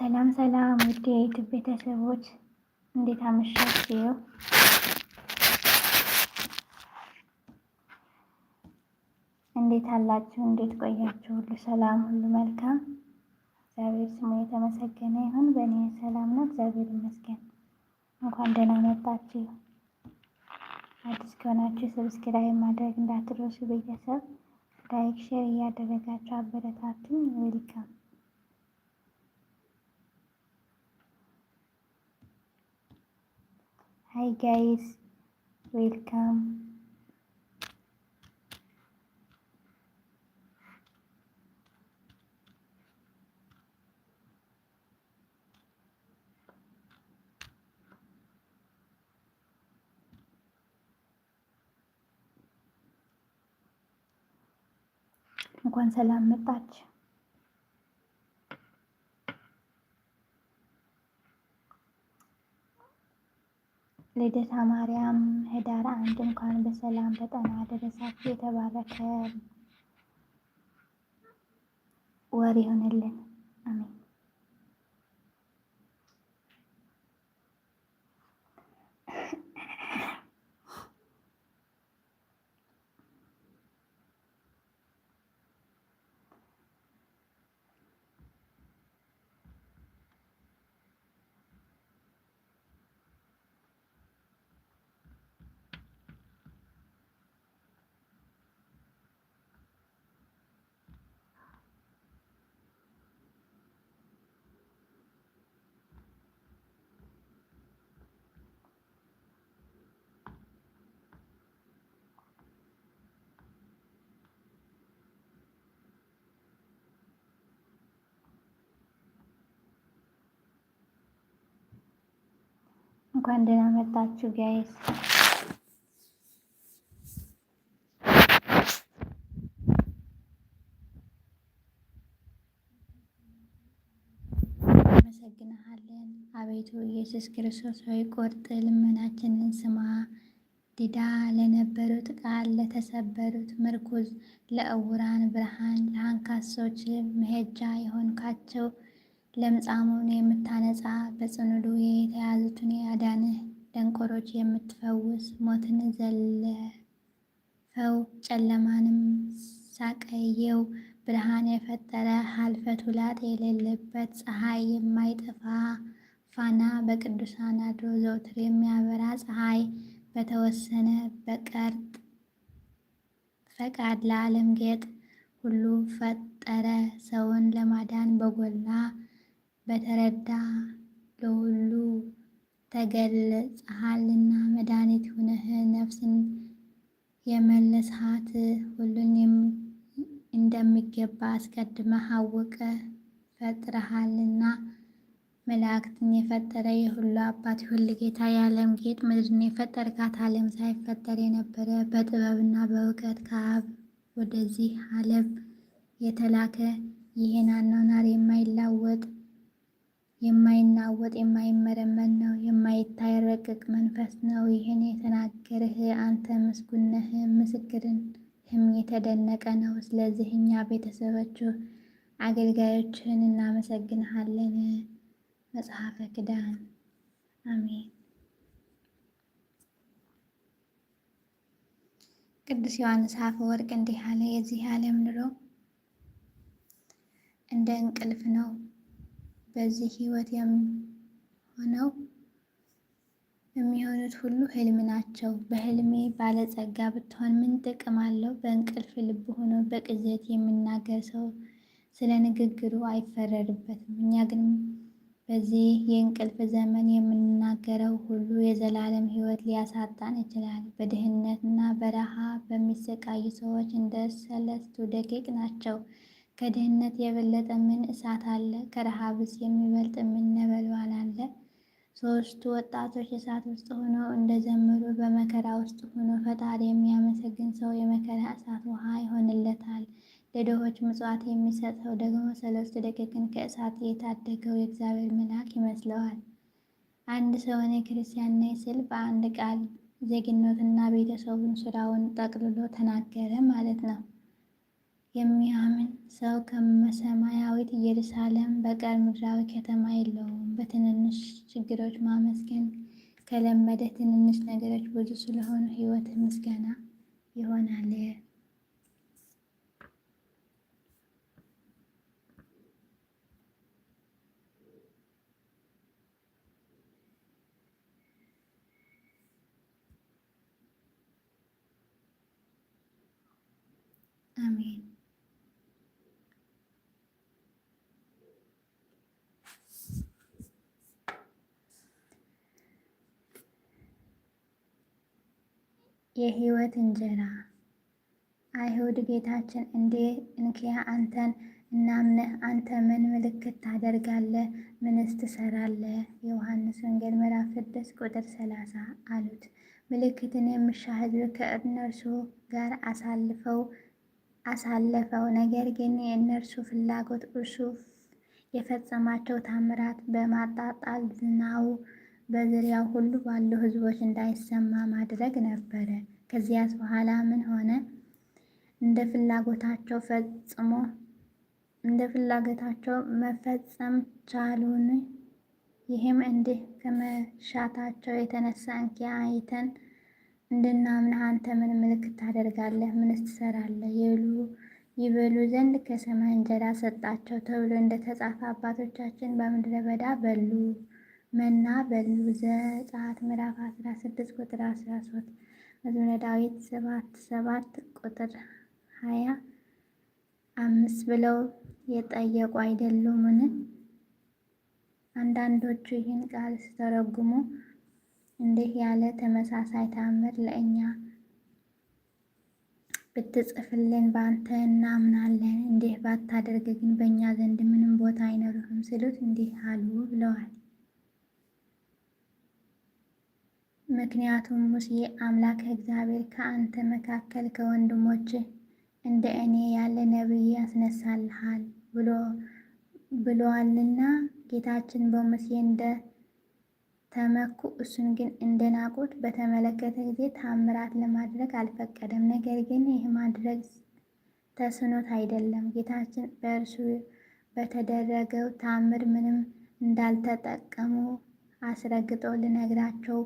ሰላም ሰላም ውድ የዩቱብ ቤተሰቦች እንዴት አመሻችሁ? እንዴት አላችሁ? እንዴት ቆያችሁ? ሁሉ ሰላም፣ ሁሉ መልካም። እግዚአብሔር ስሙ የተመሰገነ ይሁን። በእኔ ሰላም ነው፣ እግዚአብሔር ይመስገን። እንኳን ደህና መጣችሁ። አዲስ ከሆናችሁ ሰብስክራይብ ማድረግ እንዳትረሱ ቤተሰብ። ላይክ፣ ሼር እያደረጋችሁ አበረታቱኝ። ዌልካም hi guys welcome እንኳን ሰላም መጣች ልደታ ማርያም ህዳር አንድ እንኳን በሰላም በጠና አደረሳችሁ። የተባረከ ወር ይሆንልን። አሜን። እንኳን ደህና መጣችሁ ጋይስ። እናመሰግንሃለን አቤቱ ኢየሱስ ክርስቶስ ሆይ ቁርጥ ልመናችንን ስማ። ዲዳ ለነበሩት ቃል ለተሰበሩት ምርኩዝ፣ ለእውራን ብርሃን፣ ለአንካሶች መሄጃ የሆንካቸው ለምጻሙን የምታነጻ በጽኑ ደዌ የተያዙትን ያዳንህ ደንቆሮች የምትፈውስ ሞትን ዘለፈው ጨለማንም ሳቀየው ብርሃን የፈጠረ ሀልፈት ውላጥ የሌለበት ፀሐይ የማይጠፋ ፋና በቅዱሳን አድሮ ዘውትር የሚያበራ ፀሐይ በተወሰነ በቀርጥ ፈቃድ ለዓለም ጌጥ ሁሉ ፈጠረ ሰውን ለማዳን በጎላ በተረዳ ለሁሉ ተገልጸሃልና መድኃኒት ሁነህ ነፍስን የመለስሃት ሁሉን እንደሚገባ አስቀድመህ አወቀ ፈጥረሃልና። መላእክትን የፈጠረ የሁሉ አባት የሁሉ ጌታ የዓለም ጌጥ ምድርን የፈጠርካት ዓለም ሳይፈጠር የነበረ በጥበብና በእውቀት ከአብ ወደዚህ ዓለም የተላከ ይህን አኗኗር የማይላወጥ የማይናወጥ የማይመረመን ነው፣ የማይታይ ረቅቅ መንፈስ ነው። ይህን የተናገርህ አንተ ምስጉን ነህ፣ ምስክርህም የተደነቀ ነው። ስለዚህ እኛ ቤተሰቦች አገልጋዮችህን እናመሰግንሃለን። መጽሐፈ ኪዳን አሜን። ቅዱስ ዮሐንስ አፈወርቅ እንዲህ አለ፣ የዚህ ዓለም ኑሮ እንደ እንቅልፍ ነው በዚህ ህይወት የሆነው የሚሆኑት ሁሉ ህልም ናቸው። በህልሜ ባለጸጋ ብትሆን ምን ጥቅም አለው? በእንቅልፍ ልብ ሆኖ በቅዠት የሚናገር ሰው ስለ ንግግሩ አይፈረድበትም። እኛ ግን በዚህ የእንቅልፍ ዘመን የምንናገረው ሁሉ የዘላለም ህይወት ሊያሳጣን ይችላል። በድህነትና በረሃ በሚሰቃዩ ሰዎች እንደ ሰለስቱ ደቂቅ ናቸው። ከድህነት የበለጠ ምን እሳት አለ? ከረሃብስ የሚበልጥ ምን ነበልባል አለ? ሶስቱ ወጣቶች እሳት ውስጥ ሆነው እንደዘመሩ በመከራ ውስጥ ሆኖ ፈጣሪ የሚያመሰግን ሰው የመከራ እሳት ውሃ ይሆንለታል። ለድሆች ምጽዋት የሚሰጠው ደግሞ ሰለስት ደቂቅን ከእሳት የታደገው የእግዚአብሔር መልአክ ይመስለዋል። አንድ ሰው እኔ ክርስቲያን ነኝ ስል በአንድ ቃል ዜግነትና ቤተሰቡን ስራውን ጠቅልሎ ተናገረ ማለት ነው። የሚያምን ሰው ከመሰማያዊት ኢየሩሳሌም በቀር ምድራዊ ከተማ የለውም። በትንንሽ ችግሮች ማመስገን ከለመደ ትንንሽ ነገሮች ብዙ ስለሆኑ ሕይወት ምስጋና ይሆናል። አሜን። የህይወት እንጀራ አይሁድ ጌታችን እንዴ እንኪያ አንተን እናምነ አንተ ምን ምልክት ታደርጋለህ? ምንስ ትሰራለህ? የዮሐንስ ወንጌል ምዕራፍ ስድስት ቁጥር ሰላሳ አሉት። ምልክትን የምሻ ህዝብ ከእነርሱ ጋር አሳልፈው አሳለፈው። ነገር ግን የእነርሱ ፍላጎት እርሱ የፈጸማቸው ታምራት በማጣጣል ዝናው በዙሪያው ሁሉ ባሉ ህዝቦች እንዳይሰማ ማድረግ ነበረ። ከዚያስ በኋላ ምን ሆነ? እንደ ፍላጎታቸው ፈጽሞ እንደ ፍላጎታቸው መፈጸም ቻሉን። ይህም እንዲህ ከመሻታቸው የተነሳ እንኪያ አይተን እንድናምን አንተ ምን ምልክት ታደርጋለህ? ምን ትሰራለህ? ይሉ ይበሉ ዘንድ ከሰማይ እንጀራ ሰጣቸው ተብሎ እንደተጻፈ አባቶቻችን በምድረ በዳ በሉ። መና በልዑ ዘጸአት ምዕራፍ 16 ቁጥር 13 መዝሙረ ዳዊት 7 7 ቁጥር 20 አምስት ብለው የጠየቁ አይደሉምን? አንዳንዶቹ ይህን ቃል ሲተረጉሙ እንዲህ ያለ ተመሳሳይ ተአምር ለእኛ ብትጽፍልን በአንተ እናምናለን፣ እንዲህ ባታደርግ ግን በእኛ ዘንድ ምንም ቦታ አይኖርህም ሲሉት እንዲህ አሉ ብለዋል። ምክንያቱም ሙሴ አምላክ እግዚአብሔር ከአንተ መካከል ከወንድሞች እንደ እኔ ያለ ነቢይ ያስነሳልሃል ብሎ ጌታችን በሙሴ እንደ ተመኩ እሱን ግን እንደናቁት በተመለከተ ጊዜ ታምራት ለማድረግ አልፈቀደም። ነገር ግን ይህ ማድረግ ተስኖት አይደለም፣ ጌታችን በእርሱ በተደረገው ታምር ምንም እንዳልተጠቀሙ አስረግጦ ልነግራቸው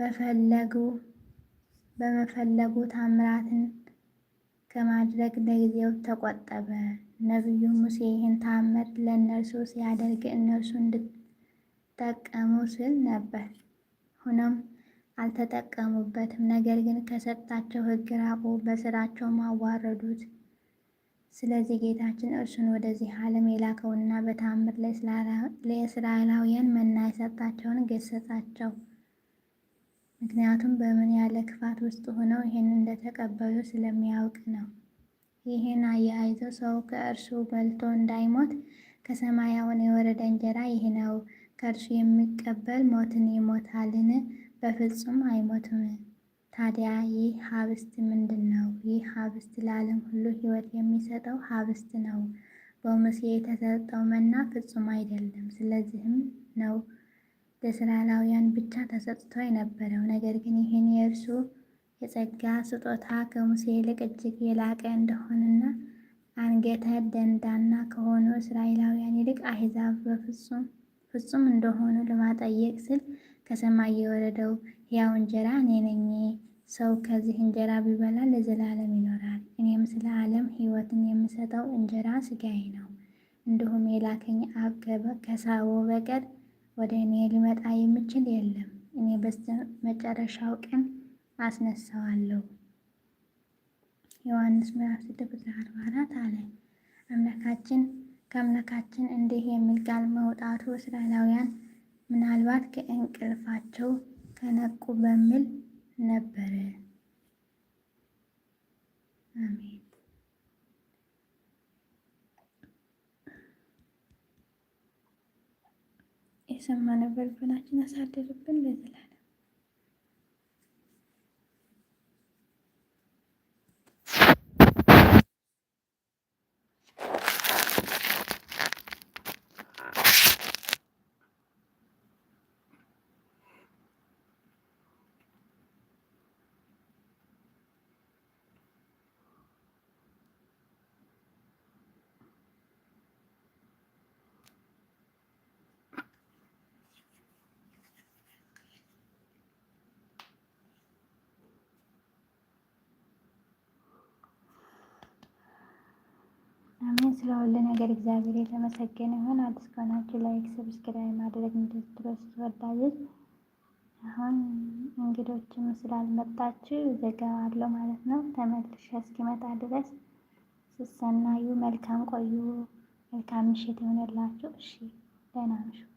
በመፈለጉ ታምራትን ከማድረግ ለጊዜው ተቆጠበ። ነቢዩ ሙሴ ይህን ታምር ለእነርሱ ሲያደርግ እነርሱ እንድጠቀሙ ስል ነበር። ሆኖም አልተጠቀሙበትም። ነገር ግን ከሰጣቸው ሕግ ራቁ፣ በስራቸው አዋረዱት። ስለዚህ ጌታችን እርሱን ወደዚህ ዓለም የላከውና በታምር ለእስራኤላውያን መና የሰጣቸውን ገሰጻቸው። ምክንያቱም በምን ያለ ክፋት ውስጥ ሆነው ይህን እንደተቀበሉ ስለሚያውቅ ነው። ይህን አያይዞ ሰው ከእርሱ በልቶ እንዳይሞት ከሰማያውን የወረደ እንጀራ ይህ ነው፣ ከእርሱ የሚቀበል ሞትን ይሞታልን? በፍጹም አይሞትም። ታዲያ ይህ ሀብስት ምንድን ነው? ይህ ሀብስት ለዓለም ሁሉ ሕይወት የሚሰጠው ሀብስት ነው። በሙሴ የተሰጠው መና ፍጹም አይደለም። ስለዚህም ነው ለእስራኤላውያን ብቻ ተሰጥቶ የነበረው ነገር ግን ይህን የእርሱ የጸጋ ስጦታ ከሙሴ ይልቅ እጅግ የላቀ እንደሆነና አንገተ ደንዳና ከሆኑ እስራኤላውያን ይልቅ አሕዛብ በፍጹም ፍጹም እንደሆኑ ለማጠየቅ ስል ከሰማይ የወረደው ሕያው እንጀራ እኔ ነኝ። ሰው ከዚህ እንጀራ ቢበላ ለዘላለም ይኖራል። እኔም ስለ ዓለም ሕይወትን የምሰጠው እንጀራ ሥጋዬ ነው። እንዲሁም የላከኝ አብ ከሳቦ በቀር ወደ እኔ ሊመጣ የሚችል የለም፣ እኔ በስተ መጨረሻው ቀን አስነሳዋለሁ። ዮሐንስ ምዕራፍ 6 ቁጥር 44 አለ። አምላካችን ከአምላካችን እንዲህ የሚል ቃል መውጣቱ እስራኤላውያን ምናልባት ከእንቅልፋቸው ከነቁ በሚል ነበረ። አሜን። የሰማነው በልቦናችን አሳድርብን። ስለሁሉ ነገር እግዚአብሔር የተመሰገነ ይሁን። አዲስ ከሆናችሁ ላይክ፣ ሰብስክራይብ ማድረግ እንድትረሱ ወዳጆች። አሁን እንግዶችም ስላልመጣችሁ አለው ማለት ነው። ተመልሼ እስኪመጣ ድረስ ስሰናዩ መልካም ቆዩ። መልካም ምሽት ይሆንላችሁ። እሺ ደህና ምሽት